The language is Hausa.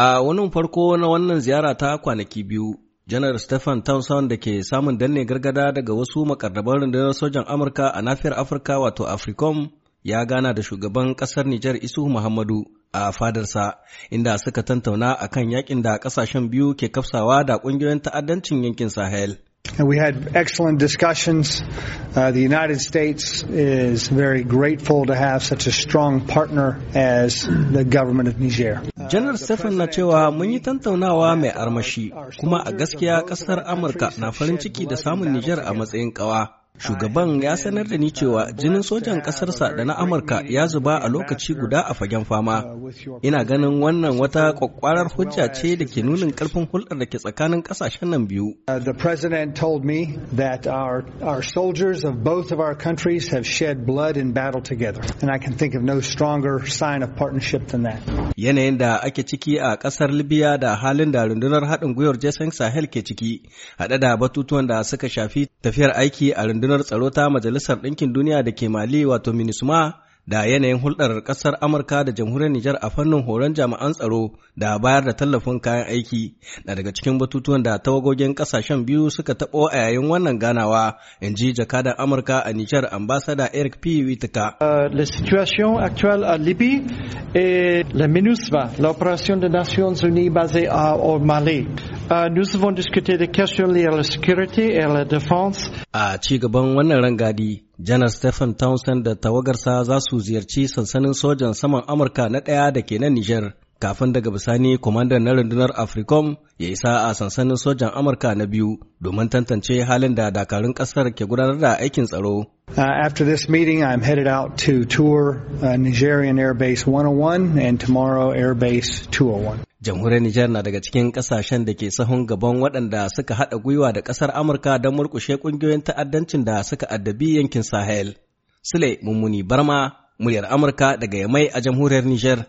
A wani farko na wannan ziyara ta kwanaki biyu, Janar Stephen Townsend da ke samun danne gargada daga wasu makarraban rundunar sojan Amurka a nafiyar Afirka wato Africom ya gana da shugaban ƙasar Nijar Isu Muhammadu a fadarsa, inda suka tantauna akan yakin da ƙasashen biyu ke kafsawa da ƙungiyoyin ta'addancin yankin Sahel. and we had excellent discussions. Uh, the United States is very grateful to have such a strong partner as the government of Niger. General uh, Stephen na cewa mun yi tantaunawa mai armashi kuma a gaskiya kasar Amurka na farin ciki da samun Niger a matsayin kawa. Shugaban ya sanar da ni cewa jinin sojan ƙasarsa da na Amurka ya zuba a lokaci guda a fagen fama. Ina ganin wannan wata kwakwarar hujja ce da ke nunin karfin hulɗar da ke tsakanin ƙasashen nan biyu. Uh, the president told me that our, our soldiers of both of our countries have shed blood in battle together. And I can think of no stronger sign of partnership than that. Yanayin da ake ciki a ƙasar Libya da halin da rundunar haɗin gwiwar Jason Sahel ke ciki, haɗe da batutuwan da suka shafi tafiyar aiki a rundunar rundunar tsaro ta Majalisar Ɗinkin Duniya da ke Mali wato Minisma da yanayin hulɗar ƙasar Amurka da jamhuriyar Nijar a fannin horon jami'an tsaro da bayar da tallafin kayan aiki na daga cikin batutuwan da tawagogin ƙasashen biyu suka taɓo a yayin wannan ganawa in ji jakadan Amurka a Nijar ambasada Eric P. Witika. Uh, la situation actuelle a Libye et la MINUSMA, l'opération des Nations Unies basée à au Mali. Uh, nous avons discuté des questions liées à la sécurité et à la défense. A ci gaban wannan rangadi, Janar Stephen Townsend da tawagarsa za su ziyarci sansanin sojan saman Amurka na ɗaya da ke nan Nijar. Kafin daga bisani, komandan na rundunar Africom ya isa a sansanin sojan Amurka na biyu domin tantance halin da dakarun ƙasar ke gudanar da aikin tsaro. Uh, after this meeting, I'm headed out to tour uh, Nigerian Air Base 101 and tomorrow Air Base 201. Jamhuriyar Nijar na daga cikin ƙasashen da ke sahun gaban waɗanda suka haɗa gwiwa da ƙasar Amurka don murƙushe ƙungiyoyin ta'addancin da suka addabi yankin Sahel. Sule Mummuni Barma, muryar Amurka daga Yamai a Jamhuriyar Nijar.